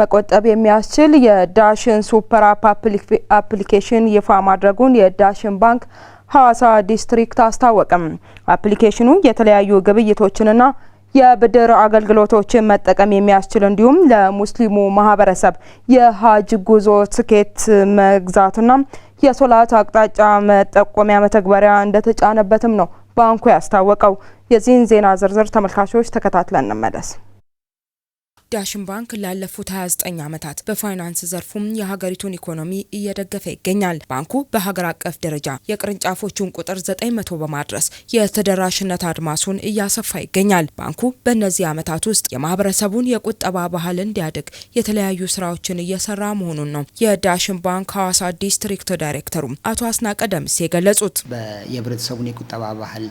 መቆጠብ የሚያስችል የዳሽን ሱፐር አፕ አፕሊኬሽን ይፋ ማድረጉን የዳሽን ባንክ ሐዋሳ ዲስትሪክት አስታወቅም። አፕሊኬሽኑ የተለያዩ ግብይቶችንና የብድር አገልግሎቶችን መጠቀም የሚያስችል እንዲሁም ለሙስሊሙ ማህበረሰብ የሀጅ ጉዞ ትኬት መግዛትና የሶላት አቅጣጫ መጠቆሚያ መተግበሪያ እንደተጫነበትም ነው ባንኩ ያስታወቀው። የዚህን ዜና ዝርዝር ተመልካቾች ተከታትለን እንመለስ። ዳሽን ባንክ ላለፉት 29 ዓመታት በፋይናንስ ዘርፉም የሀገሪቱን ኢኮኖሚ እየደገፈ ይገኛል። ባንኩ በሀገር አቀፍ ደረጃ የቅርንጫፎቹን ቁጥር 900 በማድረስ የተደራሽነት አድማሱን እያሰፋ ይገኛል። ባንኩ በእነዚህ ዓመታት ውስጥ የማህበረሰቡን የቁጠባ ባህል እንዲያድግ የተለያዩ ስራዎችን እየሰራ መሆኑን ነው የዳሽን ባንክ ሐዋሳ ዲስትሪክት ዳይሬክተሩ አቶ አስናቀ ደምስ የገለጹት። የህብረተሰቡን የቁጠባ ባህል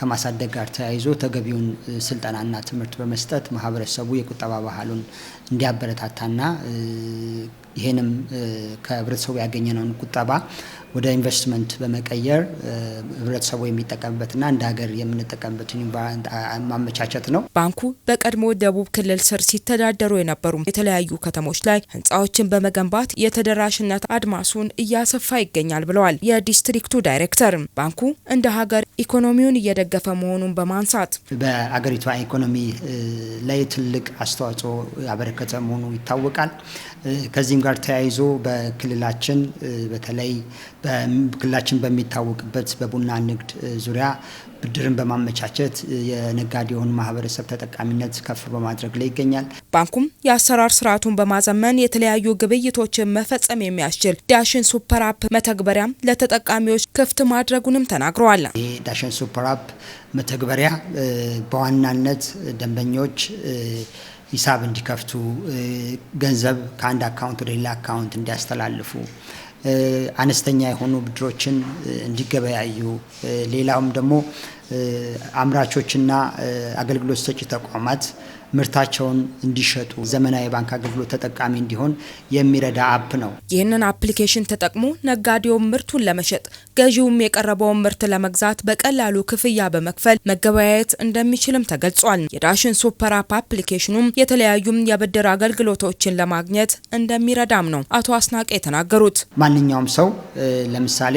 ከማሳደግ ጋር ተያይዞ ተገቢውን ስልጠናና ትምህርት በመስጠት ማህበረሰቡ የቁጠባ ባህል ባህሉን እንዲያበረታታና ይህንም ከህብረተሰቡ ያገኘነውን ቁጠባ ወደ ኢንቨስትመንት በመቀየር ህብረተሰቡ የሚጠቀምበትና እንደ ሀገር የምንጠቀምበትን ማመቻቸት ነው። ባንኩ በቀድሞ ደቡብ ክልል ስር ሲተዳደሩ የነበሩ የተለያዩ ከተሞች ላይ ህንፃዎችን በመገንባት የተደራሽነት አድማሱን እያሰፋ ይገኛል ብለዋል የዲስትሪክቱ ዳይሬክተር። ባንኩ እንደ ሀገር ኢኮኖሚውን እየደገፈ መሆኑን በማንሳት በአገሪቷ ኢኮኖሚ ላይ ትልቅ አስተዋጽኦ ያበረከተ መሆኑ ይታወቃል። ከዚህም ጋር ተያይዞ በክልላችን በተለይ ክልላችን በሚታወቅበት በቡና ንግድ ዙሪያ ብድርን በማመቻቸት የነጋዴውን ማህበረሰብ ተጠቃሚነት ከፍ በማድረግ ላይ ይገኛል። ባንኩም የአሰራር ስርዓቱን በማዘመን የተለያዩ ግብይቶችን መፈጸም የሚያስችል ዳሽን ሱፐር አፕ መተግበሪያም ለተጠቃሚዎች ክፍት ማድረጉንም ተናግረዋል። ይህ ዳሽን ሱፐር አፕ መተግበሪያ በዋናነት ደንበኞች ሂሳብ እንዲከፍቱ፣ ገንዘብ ከአንድ አካውንት ወደ ሌላ አካውንት እንዲያስተላልፉ፣ አነስተኛ የሆኑ ብድሮችን እንዲገበያዩ፣ ሌላውም ደግሞ አምራቾችና አገልግሎት ሰጪ ተቋማት ምርታቸውን እንዲሸጡ ዘመናዊ የባንክ አገልግሎት ተጠቃሚ እንዲሆን የሚረዳ አፕ ነው። ይህንን አፕሊኬሽን ተጠቅሞ ነጋዴውን ምርቱን ለመሸጥ ገዢውም የቀረበውን ምርት ለመግዛት በቀላሉ ክፍያ በመክፈል መገበያየት እንደሚችልም ተገልጿል። የዳሽን ሱፐር አፕ አፕሊኬሽኑም የተለያዩም የብድር አገልግሎቶችን ለማግኘት እንደሚረዳም ነው አቶ አስናቀ የተናገሩት። ማንኛውም ሰው ለምሳሌ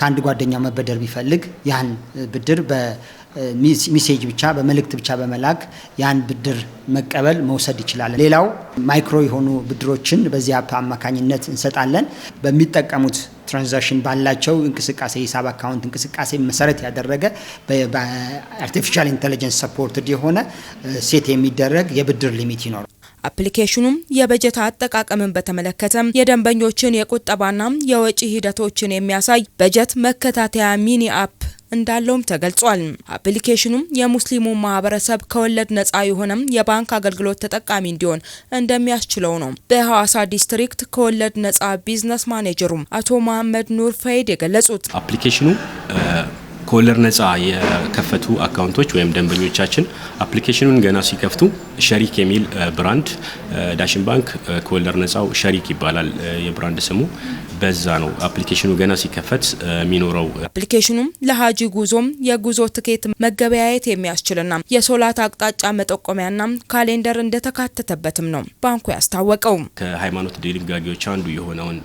ከአንድ ጓደኛው መበደር ቢፈልግ ያን ብድር ሚሴጅ ብቻ በመልእክት ብቻ በመላክ ያን ብድር መቀበል መውሰድ ይችላል። ሌላው ማይክሮ የሆኑ ብድሮችን በዚህ አፕ አማካኝነት እንሰጣለን። በሚጠቀሙት ትራንዛክሽን ባላቸው እንቅስቃሴ ሂሳብ አካውንት እንቅስቃሴ መሰረት ያደረገ በአርቲፊሻል ኢንቴሊጀንስ ሰፖርትድ የሆነ ሴት የሚደረግ የብድር ሊሚት ይኖራል። አፕሊኬሽኑም የበጀት አጠቃቀምን በተመለከተ የደንበኞችን የቁጠባና የወጪ ሂደቶችን የሚያሳይ በጀት መከታተያ ሚኒ አፕ እንዳለውም ተገልጿል። አፕሊኬሽኑም የሙስሊሙ ማህበረሰብ ከወለድ ነጻ የሆነም የባንክ አገልግሎት ተጠቃሚ እንዲሆን እንደሚያስችለው ነው በሐዋሳ ዲስትሪክት ከወለድ ነጻ ቢዝነስ ማኔጀሩም አቶ መሀመድ ኑር ፈይድ የገለጹት። አፕሊኬሽኑ ከወለድ ነጻ የከፈቱ አካውንቶች ወይም ደንበኞቻችን አፕሊኬሽኑን ገና ሲከፍቱ ሸሪክ የሚል ብራንድ ዳሽን ባንክ ከወለድ ነጻው ሸሪክ ይባላል የብራንድ ስሙ። በዛ ነው አፕሊኬሽኑ ገና ሲከፈት የሚኖረው። አፕሊኬሽኑም ለሀጂ ጉዞም የጉዞ ትኬት መገበያየት የሚያስችልና የሶላት አቅጣጫ መጠቆሚያና ካሌንደር እንደተካተተበትም ነው ባንኩ ያስታወቀው። ከሃይማኖት ድንጋጌዎች አንዱ የሆነውን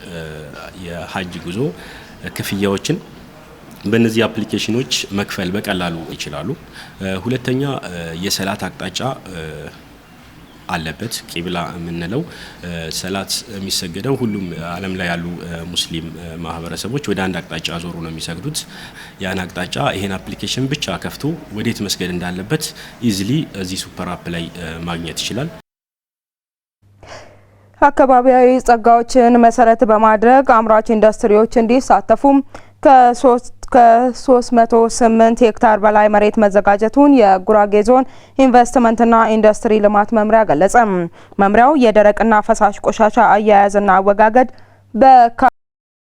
የሀጅ ጉዞ ክፍያዎችን በእነዚህ አፕሊኬሽኖች መክፈል በቀላሉ ይችላሉ። ሁለተኛ የሰላት አቅጣጫ አለበት። ቂብላ የምንለው ሰላት የሚሰገደው ሁሉም ዓለም ላይ ያሉ ሙስሊም ማህበረሰቦች ወደ አንድ አቅጣጫ ዞሩ ነው የሚሰግዱት። ያን አቅጣጫ ይሄን አፕሊኬሽን ብቻ ከፍቶ ወዴት መስገድ እንዳለበት ኢዝሊ እዚህ ሱፐር አፕ ላይ ማግኘት ይችላል። አካባቢያዊ ጸጋዎችን መሰረት በማድረግ አምራች ኢንዱስትሪዎች እንዲሳተፉም ከሶስት ከ308 ሄክታር በላይ መሬት መዘጋጀቱን የጉራጌ ዞን ኢንቨስትመንትና ኢንዱስትሪ ልማት መምሪያ ገለጸ። መምሪያው የደረቅና ፈሳሽ ቆሻሻ አያያዝና አወጋገድ በካ